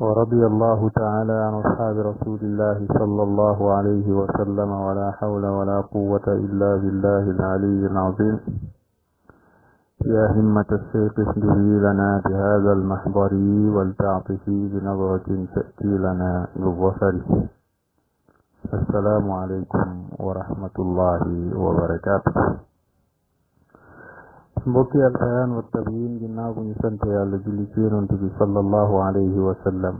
ورضي الله تعالى عن أصحاب رسول الله صلى الله عليه وسلم ولا حول ولا قوة إلا بالله العلي العظيم يا همة الشيخ اسجدي لنا بهذا المحضر ولتعطفي بنظرة تأتي لنا بالظفر السلام عليكم ورحمة الله وبركاته mbokki al bayaan wa tabyin ginnaaw bu ñu sant yàlla julli ci yonent bi sallallahu alayhi wa sallam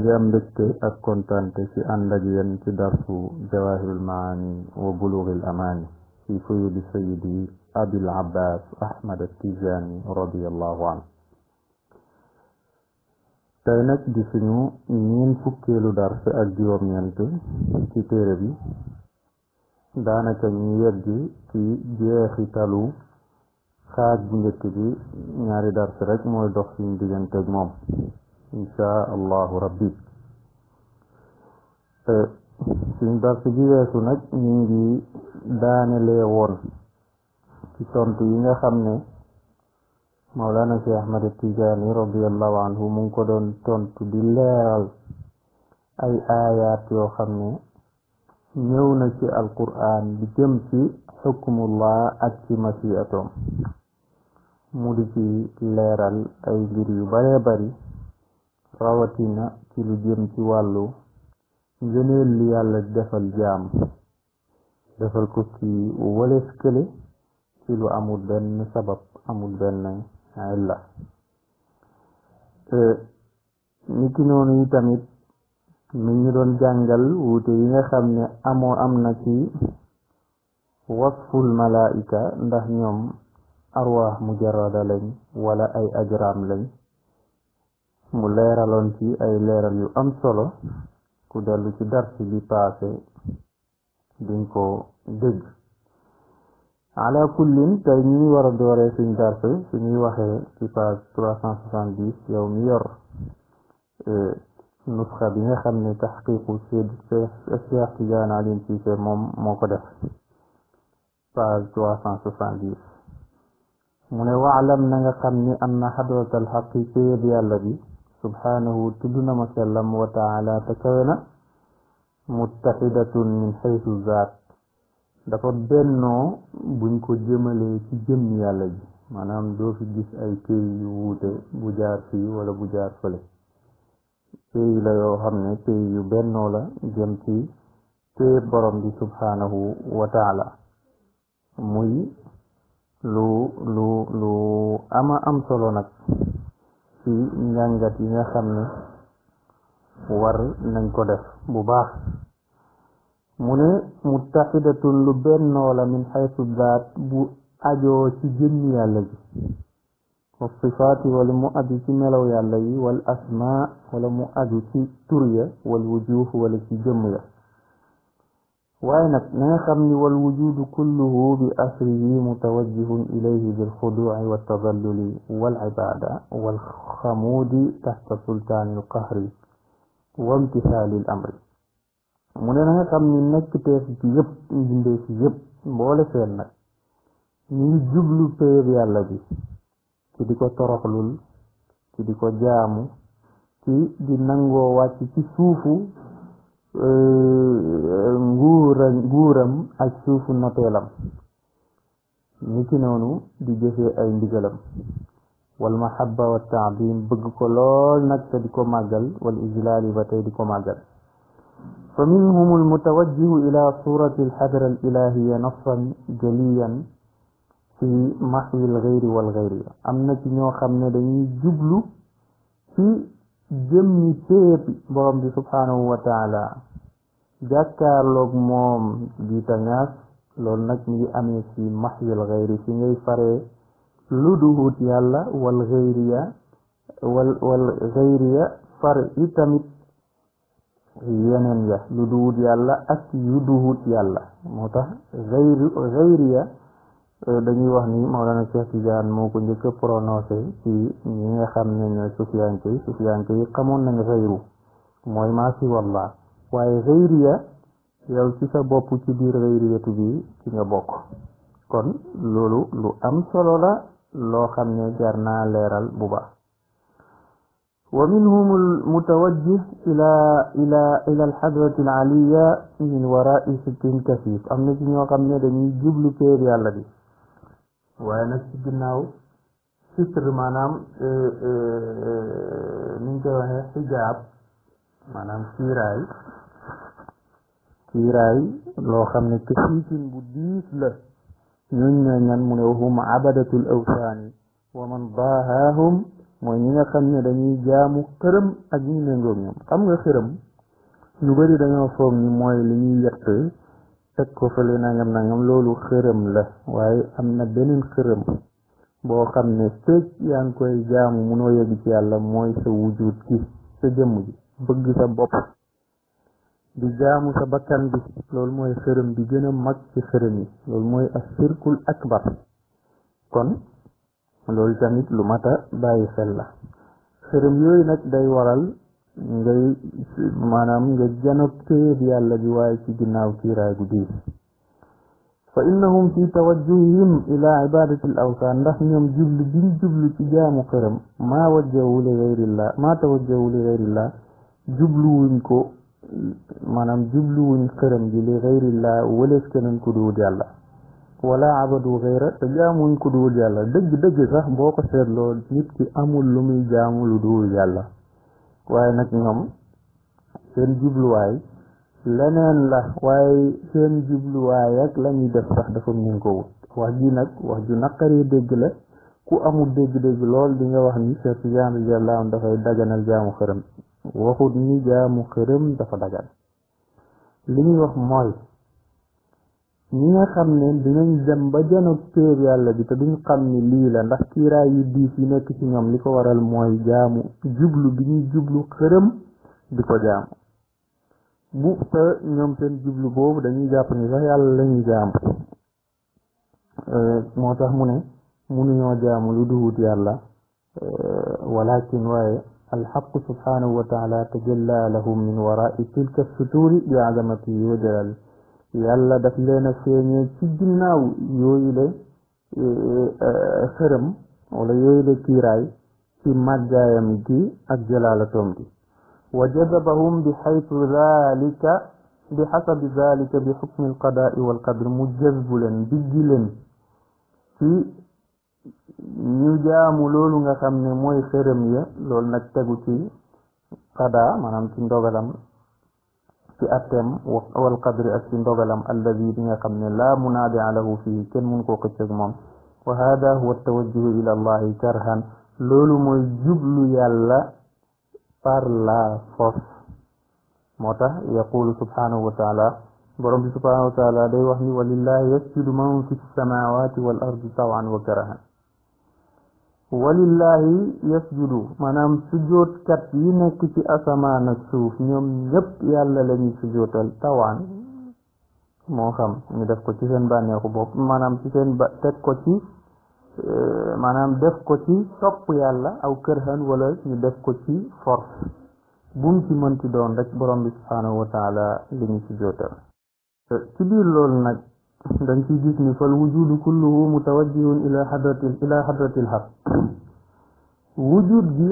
ñu am mbégte ak kontaante ci ànd ak ci darsu jawahirul maani wa bulughil amaani fi fuyudi sayyidi abil abbas ahmad at-tijani radiyallahu anhu tey nag di suñu ñeen fukkeelu darsu ak juróom-ñeent ci téere bi daanaka ñu yegg ci talu xaaj bu njëkk bi ñaari dars rekk mooy dox suñu diggante moom inchaa allahu rabbi suñu dars bi weesu nag ñu ngi daanelee woon ci tontu yi nga xam ne Mawlana Cheikh Ahmad Tijaani radiallahu anhu mu ngi ko doon tontu di leeral ay aayaat yoo xam ne ñëw na ci alquran bi jëm ci xukmullah ak ci masiyatoom mu di ci leeral ay mbir yu bare bari rawatina ci lu jëm ci wàllu ngëneel li yàlla defal jaam defal ko ci wëles kële ci lu amul benn sabab amul benn illa niki noonu yi tamit mi ngi doon jàngal wuute yi nga xam ne amoo am na ci wasful malaika ndax ñoom arwaax mujarrada lañ wala ay ajraam lañ mu leeraloon ci ay leeral yu am solo ku dellu ci dars bi paase duñ ko dégg ala kullin tey ñuy war a dooree suñ dars suñuy waxee ci page 370 yow mi yor euh, nusxa bi nga xam ne taxqiqu Cheikh Cheikh Tidiane Alioune Cissé moom moo ko def page 370 mu ne waalam na nga xam ni anna xadratal xaqi céyeb yàlla bi subhaanahu tudd na ma sellam wa taala te kawe na muttaxidatun min xaysu zaat dafa bennoo buñ ko jëmalee ci jëmm yàlla ji maanaam doo fi gis ay téy yu bu jaar fii wala bu jaar fële pays yoo xam ne pays yu bennoo la jëm ci téeb borom bi subhanahu wa taala muy lu lu lu ama am solo nag ci njàngat yi nga xam ne war nañ ko def bu baax mu ne muttaxidatun lu bennoo la min xaytu daat bu ajoo ci jëmmi yàlla ji والصفات والمؤدت ملو يالي والأسماء والمؤدت ترية والوجوه والتي جمية وينك ناخم والوجود كله بأسره متوجه إليه بالخضوع والتذلل والعبادة والخمود تحت سلطان القهر وامتثال الأمر من ناخم منك nga يب ni nekk من ci yëpp mbindeef yëpp ci diko toroxlul ci diko jaamu ci di nangoo wàcc ci suufu nguura nguuram ak suufu noteelam ni ci noonu di jëfee ay ndigalam wal mahabba wa taadim bëgg ko lool nag te di ko màggal wal ijlaali ba tey di ko màggal fa minhum almutawajjihu ila surati alxadra alilahiya nasran fi mahwil xëyri wal xëyri am na ñoo xam ne dañuy jublu ci jëmmi téeb borom bi subhanahu wa taala jàkkaarloog moom di tangaas loolu nag mi ngi amee ci mahwil xëyri fi ngay faree lu duhut yàlla wal xëyriya wal wal xëyriya fare itamit yeneen ya lu duhut yàlla ak yu duhut yàlla moo tax xëyri dañuy wax ni Maolana Cheikh Tidiane moo ko njëkk a prononcé ci ñi nga xam ne ñooy sufiyanke yi sufiyanke yi xamoon nañu xëyru mooy maa si walla waaye xëyriya yow ci sa bopp ci biir xëyriyatu bi ci nga bokk kon loolu lu am solo la loo xam ne jar naa leeral bu baax ومنهم المتوجه إلى إلى إلى الحضرة العلية من وراء ست كثيف أم نجي نوقم ندني جبل بير يالا waaye nag ci ginnaaw sitre maanaam euh, euh, euh, niñ koy waxee xijaab maanaam kiiraay kiiraay loo xam ne kafiitin bu diis la ñooñ ñooy mu ne wahum abadatul awsaani wa man daahaahum mooy ñi nga xam ne dañuy jaamu xërëm ak ñi méngoog ñoom xam nga xërëm ñu bari dañoo foog ni mooy li ñuy yett teg ko fële nangam nangam loolu xërëm la waaye am na beneen xërëm boo xam ne fekk yaa ngi koy jaamu munoo yegg ci yàlla mooy sa wujud gi sa jëmm ji bëgg sa bopp di jaamu sa bakkan bi loolu mooy xërëm bi gën a mag ci xërëm yi loolu mooy as-sirkul akbar kon loolu tamit lu mat bàyyi xel la xërëm yooyu nag day waral ngay maanaam nga janoog téyeb yàlla bi waaye ci ginnaaw kiiraay gu diis fa innahum fi tawajjuhihim ila ibadati al awsaan ndax ñoom jublu biñ jublu ci jaamu xëram maa wajjahu li gayrillah maa tawajjahu li gayrillah jubluwuñ ko maanaam jubluwuñ xëram ji li gayrillah wëlees keneen ku duwul yàlla wala abadu xayra te jaamuñ yàlla dëgg dëgg sax boo ko seetloo nit ki amul lu muy jaamu lu duwul yàlla waaye nag ñoom seen jubluwaay leneen la waaye seen jubluwaay ak la def sax dafa mun ko wut wax ji nag wax ju naqaree dégg la ku amul dégg-dégg lool di nga wax ni Cheikh Tidiane radiyallahu anhu dafay daganal jaamu xërëm waxut ni jaamu xërëm dafa dagan li ñuy wax mooy ñi nga xam ne dinañ dem ba janoog téer yàlla bi te duñ xam ni lii la ndax kiiraay yu diis yi nekk ci ñoom li ko waral mooy jaamu jublu bi ñuy jublu xërëm di ko jaamu bu te ñoom seen jublu boobu dañuy jàpp ni sax yàlla lañuy jaamu euh, moo tax mu ne mënuñoo jaamu lu duwut yàlla euh, walakin waaye alxaqu subhanahu wa taala tajalla lahum min waraai tilka sutuuri bi azamatihi wa jalali yàlla daf leen a feeñee ci ginnaaw yooyu le e, e, e, xërëm wala yooyu le kiiraay ci màggaayam gi ak jalaalatoom gi wa jazabahum bi xaytu dalika bi xasabi dalika bi xukmi alqadaai walqadr mu jazbu leen biggi leen ci ñu jaamu loolu nga xam ne mooy xërëm ya lool nag tegu ci qadaa maanaam ci ndogalam ci atem wal qadr ak ci ndogalam alladhi bi nga xamne la munadi alahu fi ken mun ko xec ak mom wa hada huwa tawajjuh ila allah karhan lolu moy jublu yàlla par la force mota tax yaqulu subhanahu wa taala borom bi subhanahu wa taala day wax ni walillahi yasjudu man fi samawati wal ardi tawan wa karahan walillahi yasjudu maanaam sujjootkat yi nekk ci asamaan ak suuf ñoom ñëpp yàlla la ñuy sujjootal tawaan moo xam ñu def ko ci seen bànneexu bopp maanaam ci seen ba teg ko ci euh, maanaam def ko ci topp yàlla aw kërhan wala ñu def ko ci force bum ci mënti doon rek borom bi subhaanahu wa taala ci biir loolu nag dañ ciy gis ni fal wujudu kulluhu mutawajjihun ila hadratil ila hadratil haq wujud gi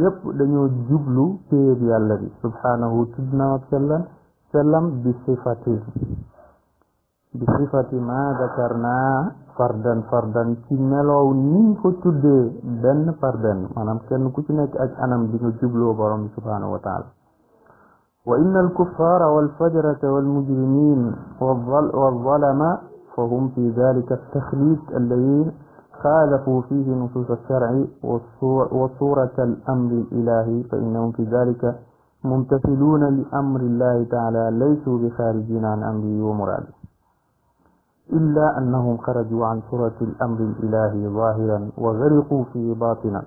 yëpp dañoo jublu péyeb yàlla bi subhaanahu tudd na ak sellam sellam bi sifati ma dakarna fardan fardan ci meloow niñ ko tuddee benn par benn maanaam kenn ku ci nekk ak anam bi nga jubloo borom bi subhaanahu wa وإن الكفار والفجرة والمجرمين والظلم فهم في ذلك التخليد الذي خالفوا فيه نصوص الشرع وصورة الأمر الإلهي فإنهم في ذلك ممتثلون لأمر الله تعالى ليسوا بخارجين عن أمره ومراده إلا أنهم خرجوا عن صورة الأمر الإلهي ظاهرا وغرقوا فيه باطنا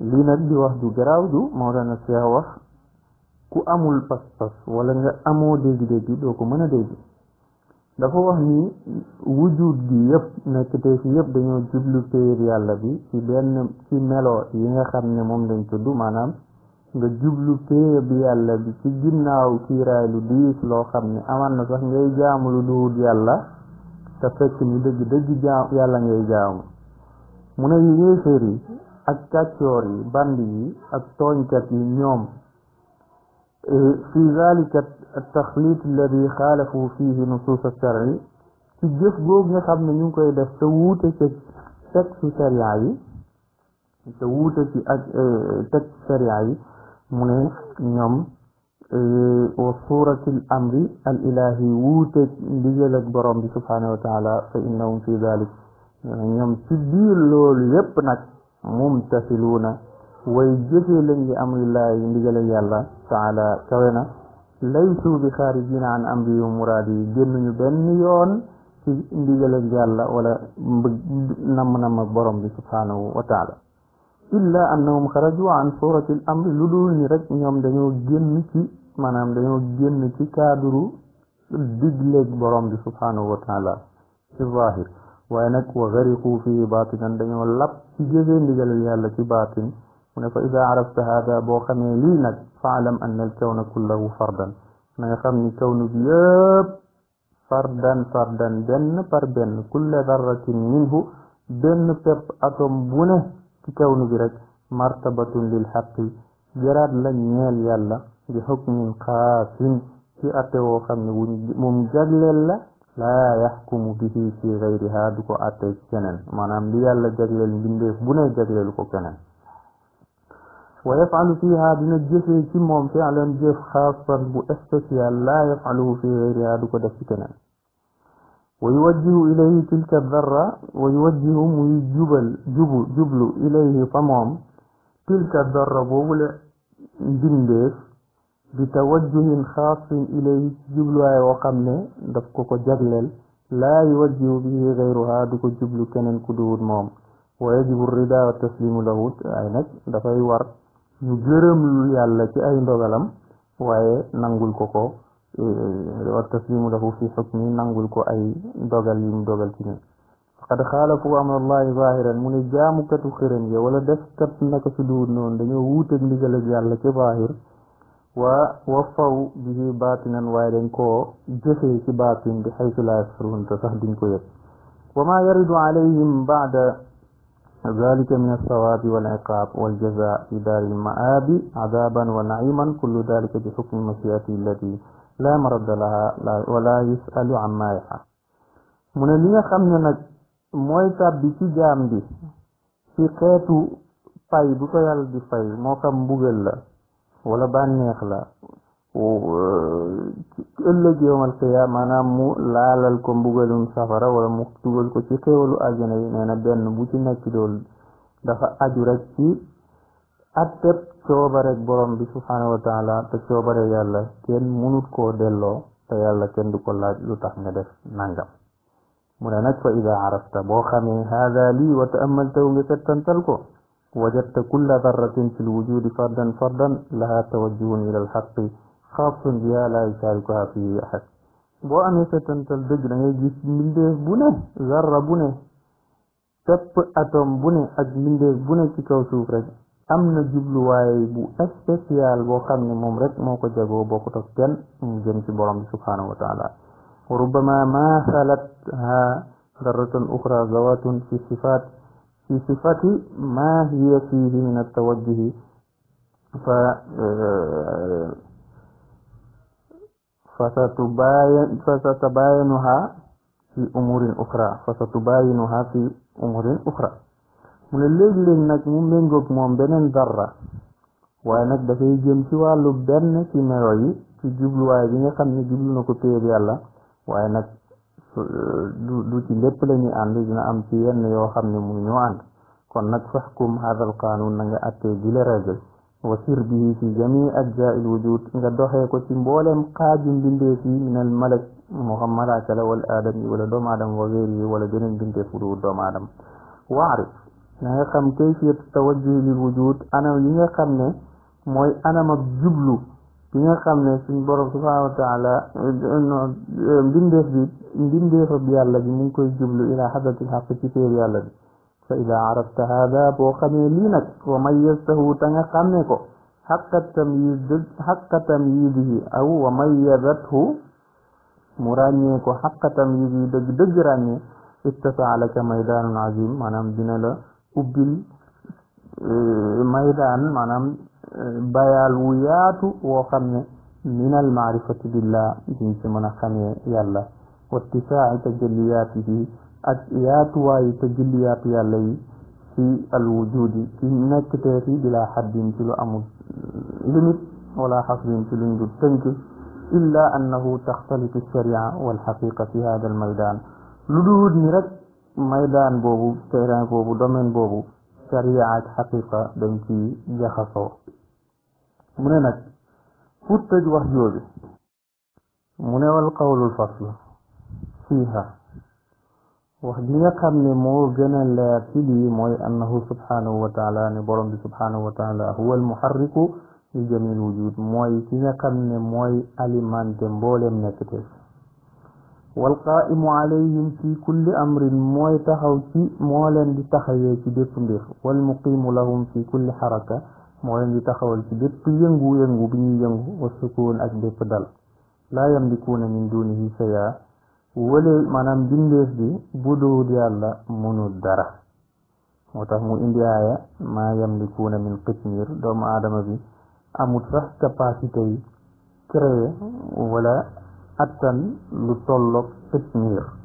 لنبي وهد جراود مولانا السياوخ ku amul pas-pas wala nga amoo dégg-dégg doo ko mën a dégg dafa wax ni wujud gi yëpp nekk tey fi yëpp dañoo jublu téer yàlla bi ci benn ci melo yi nga xam ne moom lañ tudd maanaam nga jublu téer bi yàlla bi ci ginnaaw kiiraay lu diis loo xam ne amaan na sax ngay jaamu lu duwut yàlla te fekk ni dëgg dëgg jaam yàlla ngay jaamu mu a yéeféer yi ak kàccoor yi band yi ak tooñkat yi ñoom في ذلك التخليط الذي خالفوا فيه نصوص الشرع في جيف جوغ نخب من ينكو إذا سووت تك شرعي سووت تك شرعي من نم وصورة الأمر الإلهي ووتت ديالك برام سبحانه وتعالى فإنهم في ذلك نم تبير لول يبنك ممتثلون way jëfee lañ li amrillahi ndigalal yàlla taala kawe na laysu bi xaarijina an amri yu muraad yi génnuñu benn yoon ci ndigalal yàlla wala mbëgg namm-namm ak borom bi subhaanahu wa taala illa annahum xaraju an surati l amri lu dul ni rek ñoom dañoo génn ci maanaam dañoo génn ci kaaduru digleeg borom bi subhaanahu wa taala ci zahir waaye nag wa gariqu fii baatinan dañoo lab ci jëfee ndigalal yàlla ci baatin فإذا عرفت هذا بوخمي لينك فاعلم أن الكون كله فردا ما يخمي كون بياب فردا فردا بن فردا كل ذرة منه بن فرد أتم بنه كون برك مرتبة للحق جراد لن يال يالا بحكم قاس في أتو وخمي ممجدل لا يحكم به في غيرها دكو أتو كنن ما نعم ليالا جغلل بنده بنا جغلل كنن ويفعل فيها بنجف كمهم فعلا جف خاصة مؤسسها لا يفعله في غيرها دك دفتنا ويوجه إليه تلك الذرة ويوجه الجبل جبل, جبل إليه طمام تلك الذرة بول بنديف بتوجه خاص إليه جبل هاي وقمنا دفقك جبلل لا يوجه به غيرها دك جبل كنن كدور موم ويجب الرضا والتسليم له عينك دفعي ورد ñu gërëm lu yàlla ci ay ndogalam waaye nangul ko ko eh, wa taslimu lahu fi xukmi nangul ko ay dogal yim dogal ci ni faqad xaalafu amrallahi zahiran mu ne jaamukatu xërëm ya wala defkat naka si duwut noonu dañoo wuuteeg ndigal ak yàlla ci zahir waa wa faw bihi baatinan waaye dañ koo jëfee ci baatin bi xaytu laa yasruun te sax duñ ko yëg wa ma yaridu alayhim baada ذلك من الثواب والعقاب والجزاء في دار المآب عذابا ونعيما كل ذلك بحكم مشيئته التي لا مرد لها ولا يسأل عما يفعل من اللي خمنا مويتا بيتي جامدي في قيتو فاي بطيال jaam bi ci xeetu pay bu ëllëg yowmal qiyaam maanaam mu laalal ko mbugalum safara wala mu dugal ko ci xéewalu àjjana yi nee na benn bu ci nekk loolu dafa aju rek ci atteb coobare borom bi subhaanahu wa taala yàlla kenn mu koo delloo te yàlla kenn du ko laaj lu tax nga def nangam mu ne nag fa ida arafta boo xamee haada lii wa taamaltahu nga settantal ko wajadta kulla darratin fi lwujudi fardan fardan laha tawajjuhun ila alxaqi خاص بها لا يشاركها فيه أحد وأنا يفتن تلدقنا يجيس من ده بنا ذرة بنا تب أتم بنا أج من ده بنا كيكو سوفرك أم نجبل واي بو أسفيال بوخم نمومرك موقع جابو بوكتك من جنس برام سبحانه وتعالى وربما ما خلتها ذرة أخرى ذوات في صفات في صفات ما هي فيه من التوجه ف fasatabayanuha fi umurin uxra fasatabayanuha fi umurin uxra mu ne léegi-léegi nag mu méngoog moom beneen dara waaye nag dafay jëm ci wàllu benn ci melo yi ci jubluwaay bi nga xam ne jublu na ko téyeb yàlla waaye nag du ci lépp la ñuy ànd dina am ci yenn yoo xam ne mu ñoo ànd kon nag faxkum hadal qanun na attee ji la وسر به في جميع أجزاء الوجود غدوها كتم بولم قاجم بنديسي من الملك محمد عسل والآدم ولا دوم آدم وغيره ولا جنن بنت فلو دوم آدم واعرف نهي كيفية التوجه للوجود أنا ينهي خم نه موي أنا مبجبلو ينهي خم نه سن برب سبحانه وتعالى بنديس بي بنديس بي الله بي منكو يجبلو إلى حضرة الحق كتير يالله fa ida arafta hada boo xamee lii nag wa mayyastahu ta nga xàmmee ko xaqa tamyiid xaqa tamyiidihi aw wa mayyadathu mu ràññee ko xaqa tamyiid yi dëgg dëgg ràññee ittasaa laka maydaanun azim maanaam dina la ubbil e, maydaan maanaam e, bayaal wu yaatu woo xam ne min al maarifati billah diñ ci mën a xamee yàlla wattisaai tajalliyaatihi ak yaatuwaayu te julliyaatu yàlla yi ci alwujudi ci nekkteef yi bila xaddin ci lu amul limite wala xasrin ci luñ dul tënk illa annahu taxtalifu sharia walxaqiqa fi hada almaydan lu duut ni rek maydaan boobu terrain boobu domaine boobu sharia ak xaqiqa dañ ci jaxasoo mu ne nag pour tëj wax jooju mu ne wal qawlul fasl fiiha wax gi nga xam ne moo gën a leer ci lii mooy annahu subhanahu wa taala ne borom bi subhanahu wa taala huwa al muharriku li jamil wujud mooy ki nga xam ne mooy alimenté mbooleem nekk te wal qaaimu alayhim fi kulli amrin mooy taxaw ci moo leen di taxawee ci bépp mbir wal muqimu lahum fi kulli xaraka moo leen di taxawal ci bépp yëngu-yëngu bi ñuy yëngu wa sukuun ak bépp dal laa yamlikuuna min dunihi shay'a wole manam bindeef bi bu dul yàlla munul dara motax mu indi aaya maa yamlikuuna min qitmir doomu aadama bi amut sax capacité yi créer wala attan lu tollok qitmir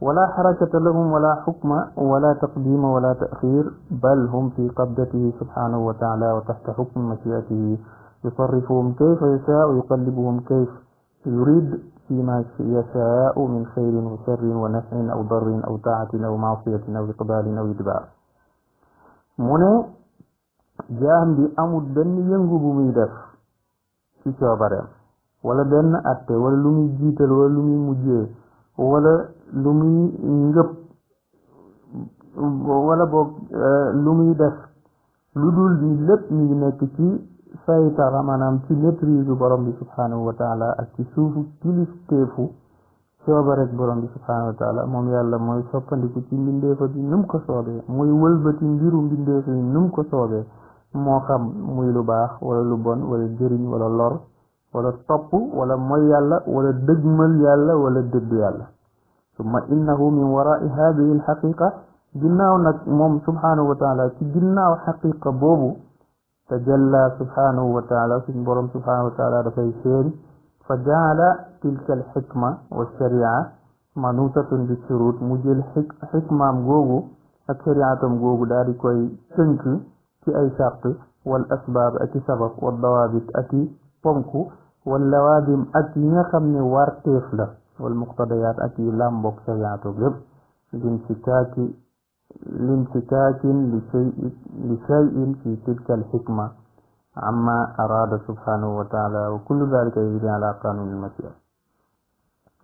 ولا حركة لهم ولا حكم ولا تقديم ولا تأخير بل هم في قبضته سبحانه وتعالى وتحت حكم مشيئته يصرفهم كيف يشاء ويقلبهم كيف يريد فيما يشاء من خير وشر ونفع أو ضر أو طاعة أو معصية أو إقبال أو إدبار من جاهم بأمر بن ينجب ميدف في شعبرهم ولا بن أتى ولا لمي جيتل ولا لمي مجي ولا لمي نجب ولا بوك آه، لمي دف لدول لب نجنك fay taala maanaam ci maîtrise borom bi subhanahu wa taala ak ci suufu kilifteefu sooba rek borom bi subhanahu wa taala moom yàlla mooy soppandiku ci mbindeefa bi num ko soobee mooy wëlbati mbiru mbindeefa bi num ko soobee moo xam muy lu baax wala lu bon wala jëriñ wala lor wala topp wala moy yàlla wala dëgmal yàlla wala dëdd yàlla summa innahu min waraai haadihi alxaqiqa ginnaaw nag moom subhanahu wa taala ci ginnaaw xaqiqa boobu تجلى سبحانه وتعالى سنبرم سبحانه وتعالى رفاي سين فجعل تلك الحكمة والشريعة منوطة بالشروط مجل حكمة مغوغو الشريعة مغوغو داري كوي سنك كي أي شاق والأسباب أتي سبق والضوابط أكي بمكو واللوازم نخم نوار تيفلة والمقتضيات أتي لامبوك شريعة جب لنشتاكي لانتكاك لشيء, لشيء في تلك الحكمة عما أراد سبحانه وتعالى وكل ذلك يجري على قانون المشيئة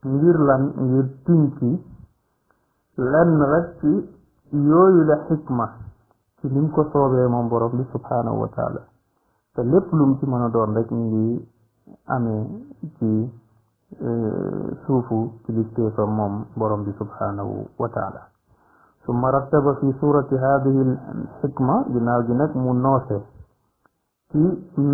ngir lan ngir tinki lenn rek ci yooyu la xikma ci nim ko soobee moom borom bi subhanahu wa taala te lépp lum ci mën a doon rek ñu ngi amee ci suufu ci bistéefam moom borom bi subhanahu wa taala summa rattaba fi suurati haadihi xikma ginnaaw gi nag mu noose ci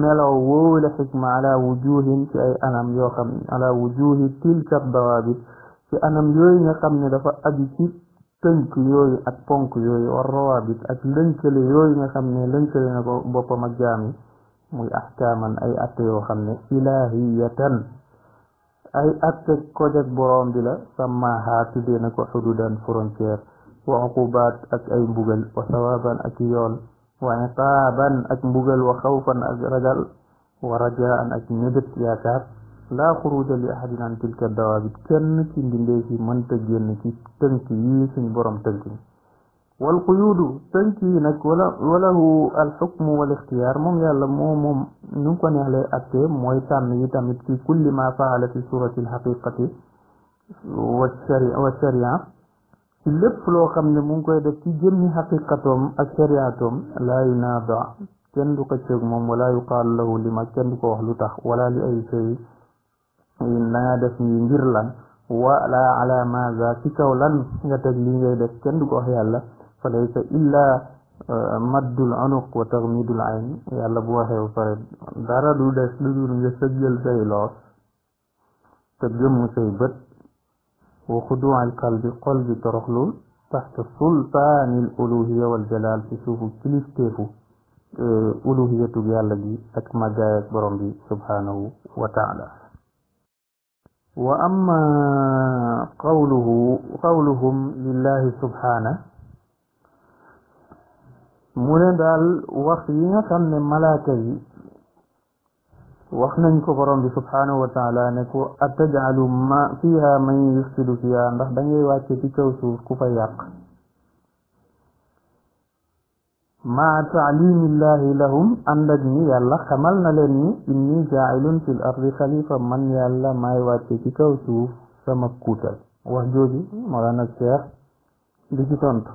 melow wóowale xikma ala wujuhin ci ay anam yoo xam ala wujuhi tilka dawaabit ci anam yooyu nga xam ne dafa aju ci tënk yooyu ak ponk yooyu war rawaabit ak lënkale yooyu nga xam ne lënkale na ko boppam ak jaam yi muy axkaaman ay atte yoo xam ne ilaahiyatan ay atte ko jag boroom bi la sàmmaahaa tuddee na ko xududan frontière وعقوبات أك أي مبغل وثوابا أك يول وعقابا أك مبغل وخوفا أك رجل ورجاء أك نبت يا كاب لا خروج لأحد عن تلك الدوابت كن تنجلي في من تجنكي تنكي يسن برم تنكي والقيود تنكي نك وله الحكم والاختيار مم يعلم مم نكون على أك مويتا ميتا في كل ما فعل في صورة الحقيقة والشريعة والشريعة lépp loo xam ne mu ngi koy def ci jëmmi xaqiqatoom ak shariatoom laa yunaada kenn du ko ceeg moom wala yuqaalu lahu li ma kenn du ko wax lu tax wala li ay sey da def ngir lan wala ala maza ci kaw lan nga teg li ngay def kenn du ko wax yàlla fa laysa illa euh, maddul unuq wa taxmidul ayn yàlla bu waxee ba pare dara du des lu dul nga sëggal say loos te gëmm say bët وخضوع القلب قلب ترخلو تحت سلطان الألوهية والجلال تشوفوا كيف كيفو آه، ألوهية يالا جي أك مجايك برمبي سبحانه وتعالى وأما قوله قولهم لله سبحانه mu دال وخينا wax yi wax nañ ko borom bi subhaanahu wa taala ne ko atajalu ma fiha man yufsidu fiha ndax da ngay wàcce ci kaw suuf ku fa yàq maa taalimillahi lahum ànd ak ni yàlla xamal na leen ni inni jaailun fil ardi xalifa man yàlla maay wàcce ci kaw suuf sama wax jooju Mawlana Cheikh di ci tontu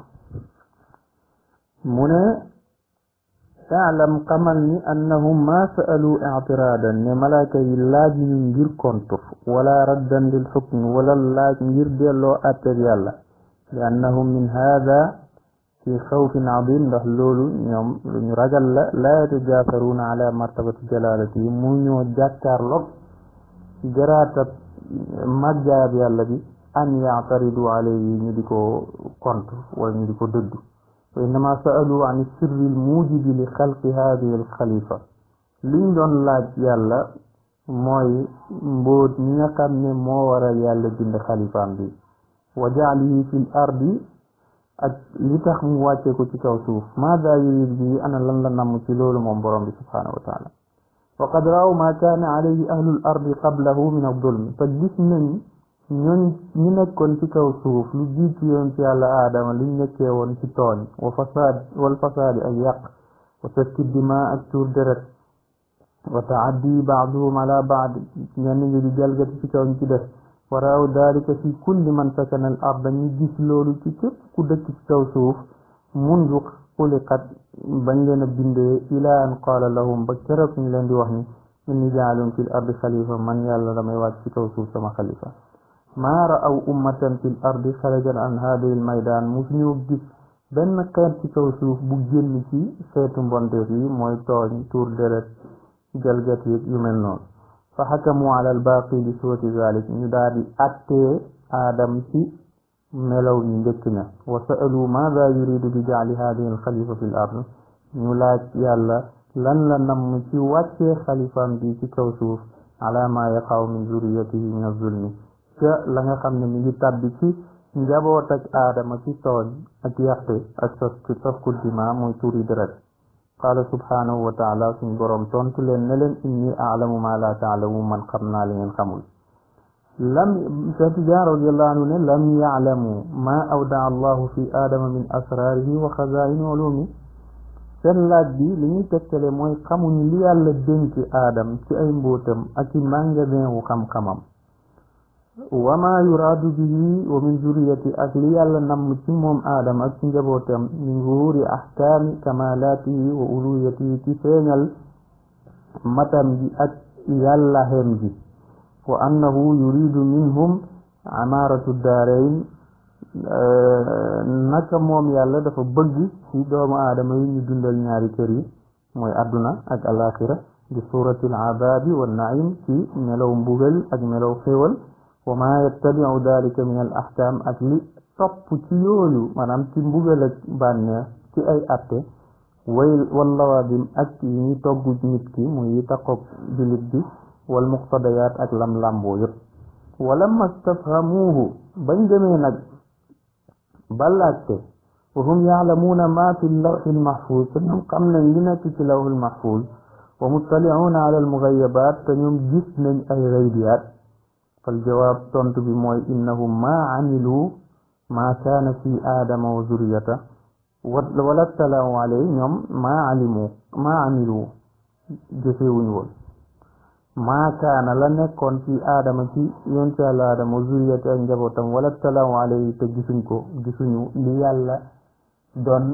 تعلم كمان أنهم ما سألوا اعتراضا لملاك يلاج من غير كونتر ولا ردا للحكم ولا اللاج من غير ديالو أتريالا لأنهم من هذا في خوف عظيم لحلول يوم رجل لا, لا يتجاثرون على مرتبة جلالته من يجاكار لك جراتة مجابي الذي أن يعترضوا عليه يدكو كونتر ويدكو ضده وإنما سألوا عن السر الموجب لخلق هذه الخليفة لندن لا يالا موي بود نيقام موارا يالا جند خليفة بي وجعله في الأرض لتخ مواتي كتك وصوف ماذا يريد به أنا لن لن نمتلو لمنبرم سبحانه وتعالى وقد رأوا ما كان عليه أهل الأرض قبله من الظلم فالجسم ñun ñi nekkoon ci kaw suuf lu jiitu yoon ci yàlla aadama liñ nekkee woon ci tooñ wa fasaad wal fasaadi ak yàq wa taski dima ak tuur deret wa taaddi baaduhum ala baad ñenn ñi di jalgati ci kaw ñu ci def wa raaw dalika fi kulli man sakana al ard ñu gis loolu ci képp ku dëkk ci kaw suuf mundu xuliqat bañ leen a bindee ilaa an qaala lahum ba keroog ñu leen di wax ni inni jaalun fi l ardi xalifa man yàlla damay wàcc ci kaw suuf sama xalifa ما رأوا أمة في الأرض خرجا عن هذا الميدان مثنيو جيس بن مكان في كوسوف بجين نيكي سيتم بندري مويتون تون تور ديرت جلجت يومن نون فحكموا على الباقي بسوة ذلك نداري أتي آدم في ملو نجتنا وسألوا ماذا يريد بجعل هذه الخليفة في الأرض نلاك يالا لن لن نمشي واتي خليفة في كوسوف على ما يقع من ذريته من الظلم ca la nga xam ne mi ngi tàbbi ci njaboot ak aadama ci tooñ ak yàqte ak sos ci sofkul dima mooy tuuri deret qaala subhanahu wa taala suñ boroom tontu leen ma la taalamu man xam naa li ngeen xamul lam Cheikh Tijaan radiyallahu anhu ne lam yaalamu ma awdaa allahu fi aadama min asraarihi wa xazaa'ini bi li ñuy tegtale mooy xamuñu yàlla dénki aadam ci ay mbóotam ak ci magasin wu xam-xamam وما يراد به ومن ذرية أهلي لن نمتمهم آدم أسنجبوتهم من ظهور أحكام كمالاته وألويته تفين المتم بأت الله به وأنه يريد منهم عمارة الدارين آه، نكمهم يالده فبقي في دوم آدم يجن للنياري كري موي أدنا أك الآخرة بصورة العباد والنعيم في ملو بغل أك ملو خيول وما يتبع ذلك من الأحكام أكلي طب تيولو ما نعم تنبغى لبانيا تي أي أبت والله وادم أكيني طب جنبكي ميتقب بلدي والمقتضيات أكلم لامبوي ولما استفهموه بنجمينك بل أبت وهم يعلمون ما في اللوح المحفوظ فنهم قمنا لنا في اللوح المحفوظ ومطلعون على المغيبات فنهم جسنا أي غيبيات fal jawaab tontu bi mooy innahum maa amilu maa kaana fi aadama wa zuriyata wala salaamu aley ñoom maa alimu maa amilu jëfewuñu woon maa kaana la nekkoon ci aadama ci yonte yàlla aadama zuriyati ak njabootam wala salaamu aley te gisuñ ko gisuñu li yàlla doon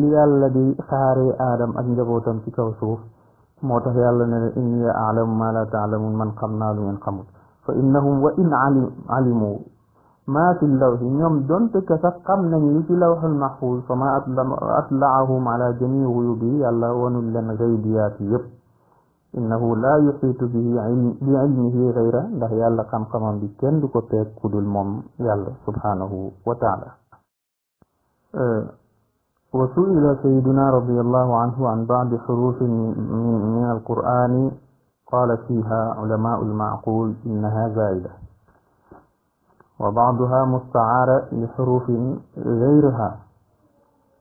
li yàlla di xaaree aadam ak njabootam ci kaw suuf moo tax yàlla ne inni alamu ma la taalamun man xam naa lu ngeen xamul فإنهم وإن علم علموا ما في اللوح يوم دونت كسقم نجي في لوح المحفوظ فما أطلعهم على جميع غيوبه إلا ونلا غيبيات يب إنه لا يحيط به بعلمه غيره ده يالا قام قام بكين دو كل المم يالا سبحانه وتعالى وسئل سيدنا رضي الله عنه عن بعض حروف من القرآن قال فيها علماء المعقول إنها زائدة وبعضها مستعارة لحروف غيرها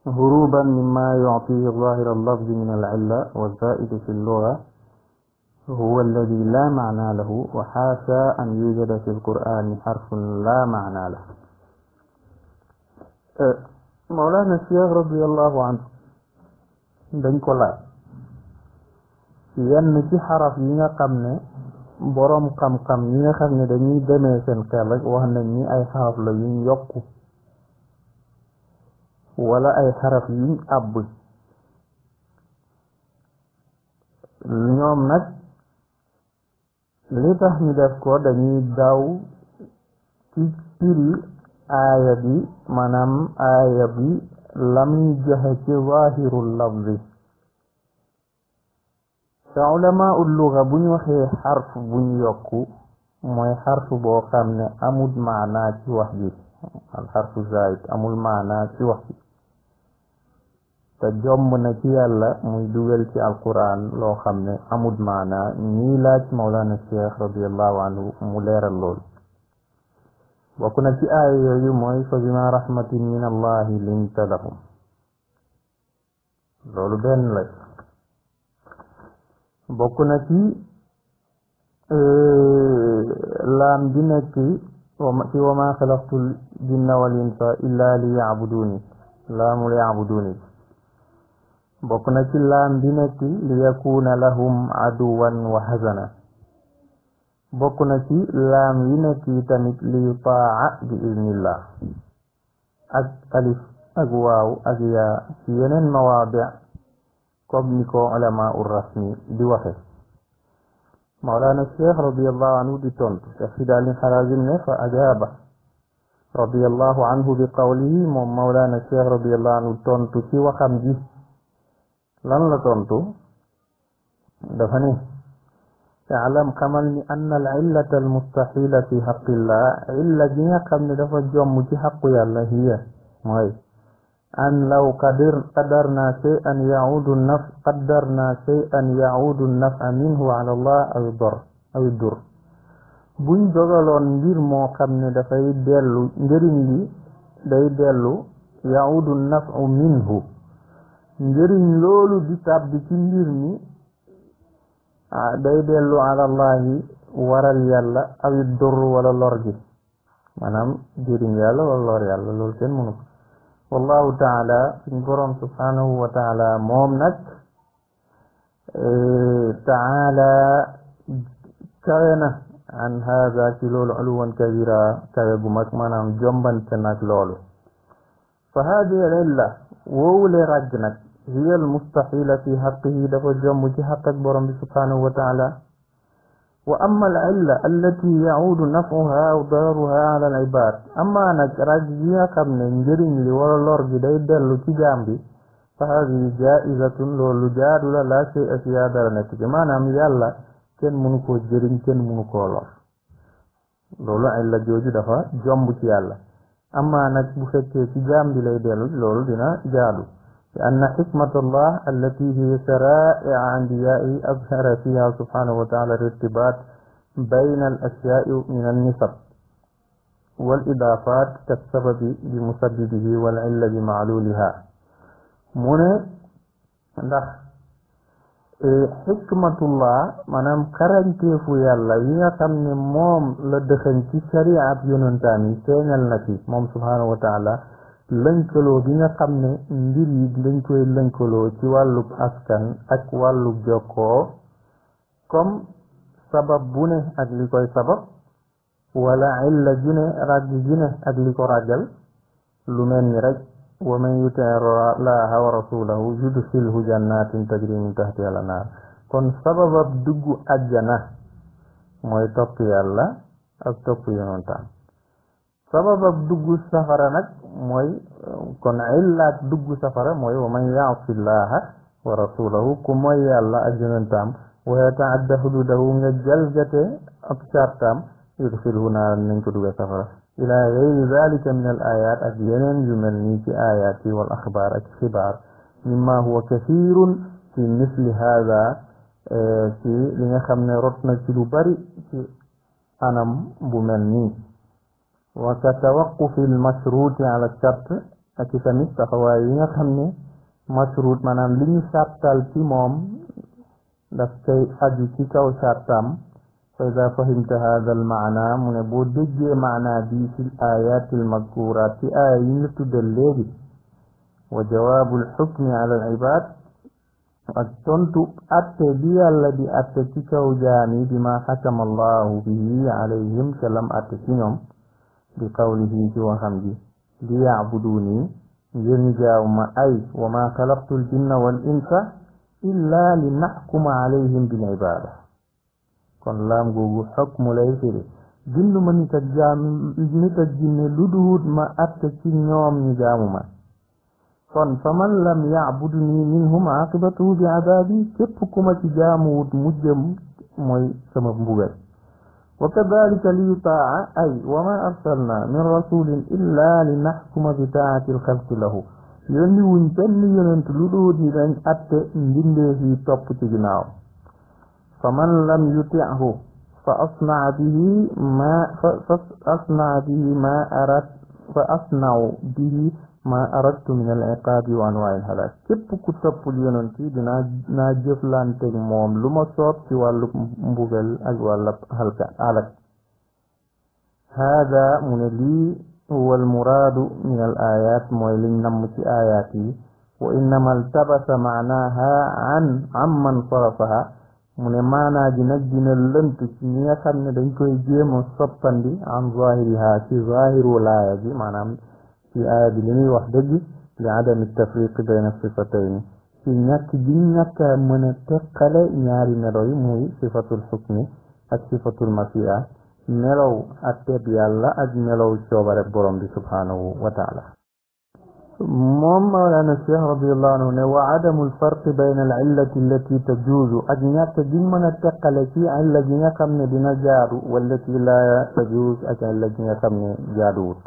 هروبا مما يعطيه ظاهر اللفظ من العلة والزائد في اللغة هو الذي لا معنى له وحاشا أن يوجد في القرآن حرف لا معنى له أه، مولانا الشيخ رضي الله عنه بن ko yenn ci xaraf yi nga xam ne boroom xam-xam yi nga xam ne dañuy demee seen xel rek wax na ni ay xaraf la yuñ yokku wala ay xaraf yuñ àbb ñoom nag li tax ñu def ko dañuy daw ci firi aaya bi maanaam aaya bi lamuy joxe ci zaahirul lafzi فعلماء اللغة بني وخي حرف بني يكو موي حرف بو خامن أمود معنى تي وحدي الحرف زايد أمود معنى تي وحدي تجم من تي الله موي دوغل تي القرآن لو خامن أمود معنى نيلات مولانا الشيخ رضي الله عنه مولير اللول وكنا تي آية يوي موي فبما رحمة من الله لنت لهم لولو بين لك bokk na ci laam di nekk ci wa ma xalaqtul jinna wal insa illa li yaabuduni laamul na ci laam di nekk li yakuna lahum aduwan wa hazana bokk na ci laam yi nekk yi tamit li taa bi idnillah ak alif ak waaw ak yaa ci yeneen mawaadi كم نكو علماء الرسمي دوحي مولانا الشيخ رضي الله عنه دتون تشهد على الحرازين فأجابه رضي الله عنه بقوله مولانا الشيخ رضي الله عنه دتون تشي وخمجي لن لتون تو دفني تعلم كملني أن العلة المستحيلة في حق الله علة جنيا كم ندفع جوم مجي حق الله هي مهي. أن لو قدر قدرنا شيئا يعود النفع قدرنا شيئا يعود النفع منه على الله أو الضر أو الضر buñ dogaloon mbir moo xam ne dafay dellu njëriñ li day dellu yaudu nafu minhu njëriñ loolu di tàbbi ci mbir mi ah, day dellu alallahi waral yàlla awit dur wala lor gi maanaam njëriñ yàlla wala lor yàlla loolu kenn mënu والله تعالى في القرآن سبحانه وتعالى مومنك أه، تعالى كان عن هذا كل علوا كبيرا كذب مكمنا جنبا تنك لولو فهذه العلة وول رجنك هي المستحيلة في حقه لفجم وجه حقك برمب سبحانه وتعالى wa ama alilla allati yacuudu nafcuha aw daruha cala alcibaad ama anag rajiya kabne njeriñli wala lorgi day dellu ci gambi fahadihi jaa'izatun loolu jaadula laa shay'a fiha daranetike maanaam yàlla ken munu koo jëriñ ken munu koo lor loolu ilila jooju dafa jomb ci yàlla ama anag bu fekkee ci gambi lay dellu loolu dina jaadu لأن حكمة الله التي هي شرائع أنبيائه أظهر فيها سبحانه وتعالى الارتباط بين الأشياء من النسب والإضافات كالسبب بمسببه والعلة بمعلولها من لخ حكمة الله منام كرن كيف يلا يقم موم لدخن كي شريعة يونان تاني سينا موم سبحانه وتعالى lënkaloo bi nga xam ne mbir yi dañ lënkaloo ci wàllub askan ak wàllub jokkoo comme sabab bu ak li koy sabab wala illa ju ne ràgg ak li ko ràggal lu mel ni rek wa man yuti laaha wa rasulahu yudxilhu jannatin tajri min tahtiha al anhar kon sababab dugg àjjana mooy topp yàlla ak topp yonontaam سبب دغ السفر نك موي كون الا دغ سفر موي ومن يعص الله ورسوله كما يلا اجنتام ويتعدى حدوده من الجلجت ابشارتام يدخل هنا نكدو سفر الى غير ذلك من الايات اجنن جملني في اياتي والاخبار اخبار مما هو كثير في مثل هذا آه، في لنخمنا رتنا في لبري في أنا بمني وكتوقف المشروط على الشرط اكي سامي تخوا ييغا مشروط مانام لي شرطال تي موم دا سي اجي فاذا فهمت هذا المعنى من بود معنى دي في الايات المذكوره في ايين تدلل وجواب الحكم على العباد أتنت كنت أتدي الذي أتتك جاني بما حكم الله به عليهم سلم أتتينهم bi qawlihi ci waxam ji li yacbuduni ngir ñu jaaw ma ay wa ma xalaqtu l jinna wal insa illa li naxkuma alayhim bil ibada kon laam googu xukmu lay firi binduma nit ak jaam nit ak jinne lu duut ma atte ci ñoom ñu jaamu ma kon fa man lam yacbudu nii minhum aqibatuhu bi adabi képp ku ma ci jaamuwut mujjëm mooy sama mbugal وكذلك ليطاع أي وما أرسلنا من رسول إلا لنحكم بطاعة الخلق له يعني ونتني ينت لدود من أت في طب تجناه فمن لم يطعه فأصنع به ما فأصنع به ما أرد فأصنع به ma aradtu min alikabi wa anwai lhalak képp ku toppul yonanti dina naa jëflanteg moom lu ma soob ci wàllu mbubel ak wàllu halka alak haada mu ne lii huwa almuraadu min alayat mooy liñ namm ci ayat yi wa innama altabasa manaha an amman sarafaha mu ne maanaa ji nag dina lënt ci ñi nga xam ne dañ koy jéema soppandi an zahiriha ci zahiru laaya gi maanaam لآدمي وحده لعدم التفريق بين الصفتين إنك جنك من التقل ياري نروي موي صفة الحكم الصفة المسيئة نرو أتب الله أج نرو شوبر برمبي سبحانه وتعالى موم مولانا الشيخ رضي الله عنه وعدم الفرق بين العلة التي تجوز أجنك من التقل في علة جنكم بنا والتي لا تجوز أجنك من جاروت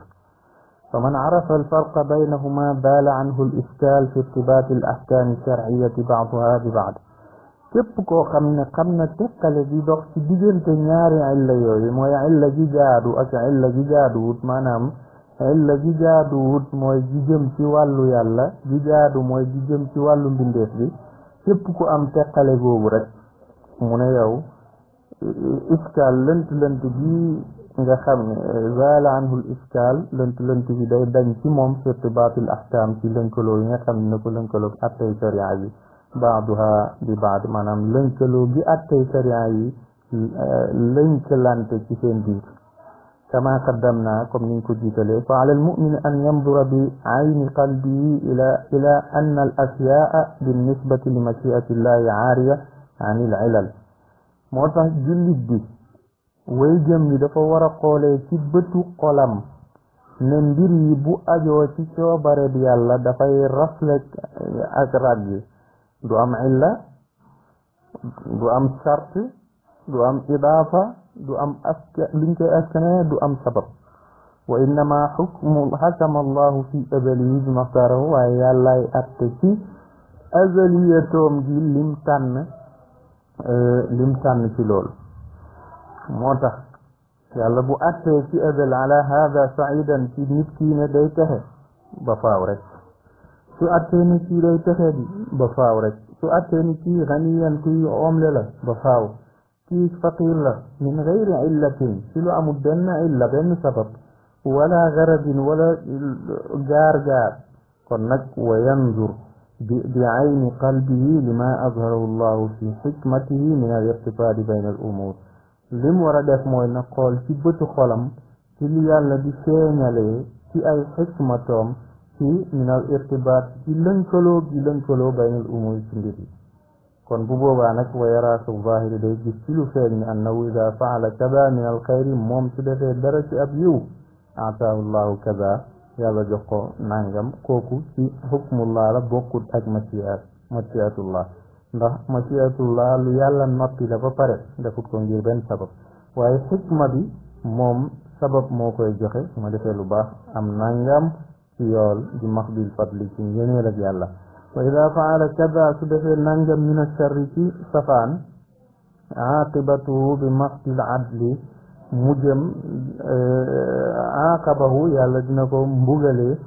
فمن عرف الفرق بينهما بال عنه الإشكال في ارتباط الأحكام الشرعية بعضها ببعض كبك وخمنا قمنا تبقى الذي دخل بجن تنيار علا يوهم وي علا جيجادو أك علا جيجادو وطمانام علا جيجادو وطموي جيجم تيوالو يالا جيجادو موي جيجم تيوالو بندس بي كبك أم تبقى لغو برد من يو إشكال لنت لنت بي nga xam ne zaala anhu l iskaal lënt lënt bi day dañ ci moom irtibaatul ahkaam ci lënkaloo yi nga xam ne na ko lënkaloo ak attey sharia yi baaduha bi baad maanaam lënkaloo gi attey sharia yi lënkalante ci seen biir كما قدمنا كم ننكو جيتلي فعلى المؤمن أن ينظر بعين قلبه إلى, إلى أن الأشياء بالنسبة لمشيئة الله عارية عن العلل موضع جلد way gëm bi dafa war a xoolee ci bëtu xolam ne bu ajoo ci coobareeb yàlla dafay rafle eh, ak rag yi du am illa du am sart du am idaafa du am aska liñ koy askane du am sabab wa innama xukmu xakama allahu fi azalihi bi maxtaarahu waaye yàllaay atte ci azaliyatoom gi lim tànn eh, lim tànn ci loolu موتخ يا بو أتي في أذل على هذا سعيدا في نسكي نديته بفاورك سو أتي نسكي ديته بفاورك سو أتي نسكي غنيا في عمل له بفاور كي فقير له من غير علة سلو امدنا إلا بين سبب ولا غرب ولا جار جار قلنك وينظر بعين قلبه لما أظهر الله في حكمته من الارتفاع بين الأمور lim mu war a def mooy na xool ci bëtu xolam ci li yàlla di feeñalee ci ay xikmatoom ci minal irtibat ci lënkaloo gi lënkaloo baynal umuur ci mbir yi kon bu boobaa nag wa yaraaka zaahiri day gis ci lu feeñ ni annahu ida faala kada min al xayri moom su defee dara ci ab yiw ataahu llahu kada yàlla jox ko nangam kooku ci xukmullah la bokkut ak masiat masiatullah ndax masiatullah lu yàlla noppi la ba pare defut ko ngir benn sabab waaye xikma bi moom sabab moo koy joxe su ma defee lu baax am nangam ci yool di max bil fadli ci a ak yàlla wa ida faala kada su defee nangam min asharri ci safaan aaqibatuhu bi maxdil adli mu jëm aaqabahu eh, yàlla dina ko mbugalee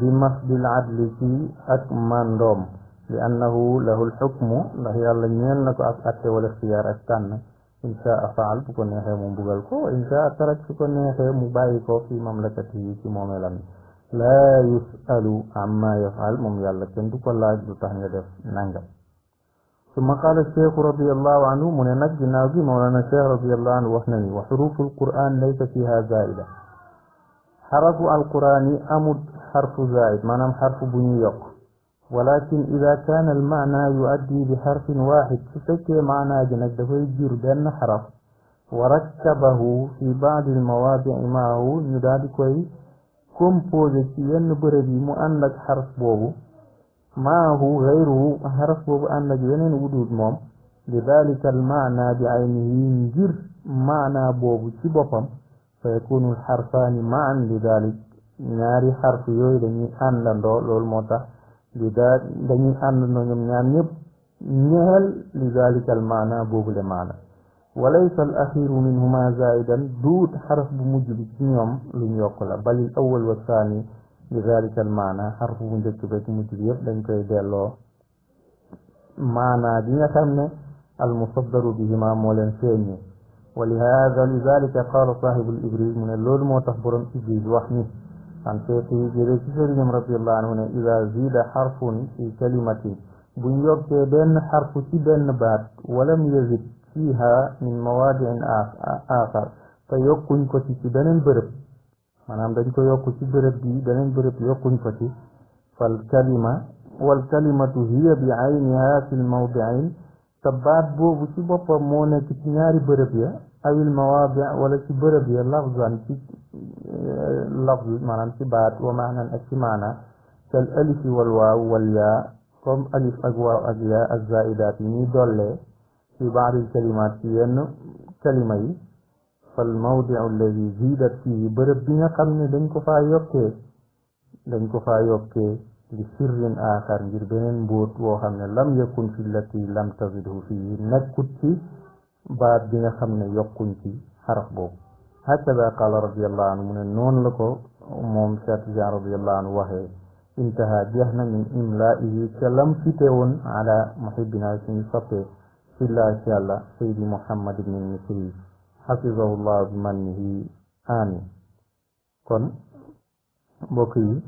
bi maxdil adli ci ak mandoom لأنه له الحكم لا الله يالله نيال نكو أفقاتي والاختيار أفتان إن شاء فعل بكون يحيى مبغلكو وإن شاء ترك بكون يحيى مبايكو في مملكته في مملكة لا يسأل عما يفعل مم يالله كندو كل الله يجب تحن يدف ثم قال الشيخ رضي الله عنه من ينج ناوزي مولانا الشيخ رضي الله عنه وحنني وحروف القرآن ليس فيها زائدة حرف القرآن أمد حرف زائد ما نم حرف بنيوك ولكن إذا كان المعنى يؤدي بحرف واحد فسكي معنى جنده جردا حرف وركبه في بعض المواضع معه نداد كوي كومبوزيشن بربي مؤنك حرف بوه معه غيره حرف بوه أنك ينين ودود موم لذلك المعنى بعينه ينجر معنى بوه تبقم فيكون الحرفان معا لذلك ناري حرف يويدني أن لندو لول موتا لذلك دنيا أن نهل لذلك المعنى بوغل معنى وليس الأخير منهما زائدا دوت حرف بمجب نيوم لن يقل بل الأول والثاني لذلك المعنى حرف بمجب يب لن كيدلو معنى دي خمنا المصدر بهما مولن فيني ولهذا لذلك قال صاحب الإبريز من اللول موتخبرا إبريز وحنيه santeeti jële ci sëriñam radiallahu anhu ne ida zida xarfun fi kalimatin buñ yokkee benn xarfu ci benn baat walam yazid fiiha min mawaadiin aaxar te yokkuñ ko ci ci beneen bërëb maanaam dañ ko yokku ci bërëb bi beneen bërëb yokkuñ ko ci fal kalima wal kalimatu hiya bi ayniha fi lmawdiin te baat boobu ci boppam moo nekk ci ñaari bërëb ya أو المواضع والتي ضرب لفظا يعني في آه، لفظ معنى بعد ومعنى في معنى كالألف والواو والياء كم ألف أقوى أجياء الزائدات من يعني دولة في بعض الكلمات ين كلمة فالموضع الذي زيدت فيه بربنا بنا قمنا دنكو فا يوكي دنكو يوكي لسر آخر جربين بوت وهم لم يكن في التي لم تزده فيه نكتي baab bi nga xam ne yokkuñ ci xarax boobu xasaba qala radiallahu anhu mu ne noonu la ko moom chat jean radiallahu anhu waxee intaha jeex na min imlaihi ca lam fite woon ala muhibina suñu soppee fillahi allah sayidi mohammad ibni misri xafisahu llahu bimannihi amin kon mbokk yi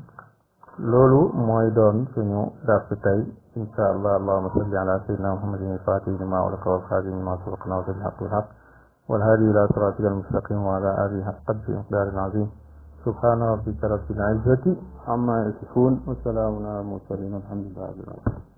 loolu mooy doon suñu darsu tey إن شاء الله اللهم صل على سيدنا محمد الفاتح لما أغلق والخادم لما سبقنا وفي الحق والحق والهادي إلى صراطك المستقيم وعلى آله حق في مقدار عظيم سبحان ربك رب العزة عما يصفون وسلام على المرسلين والحمد لله رب العالمين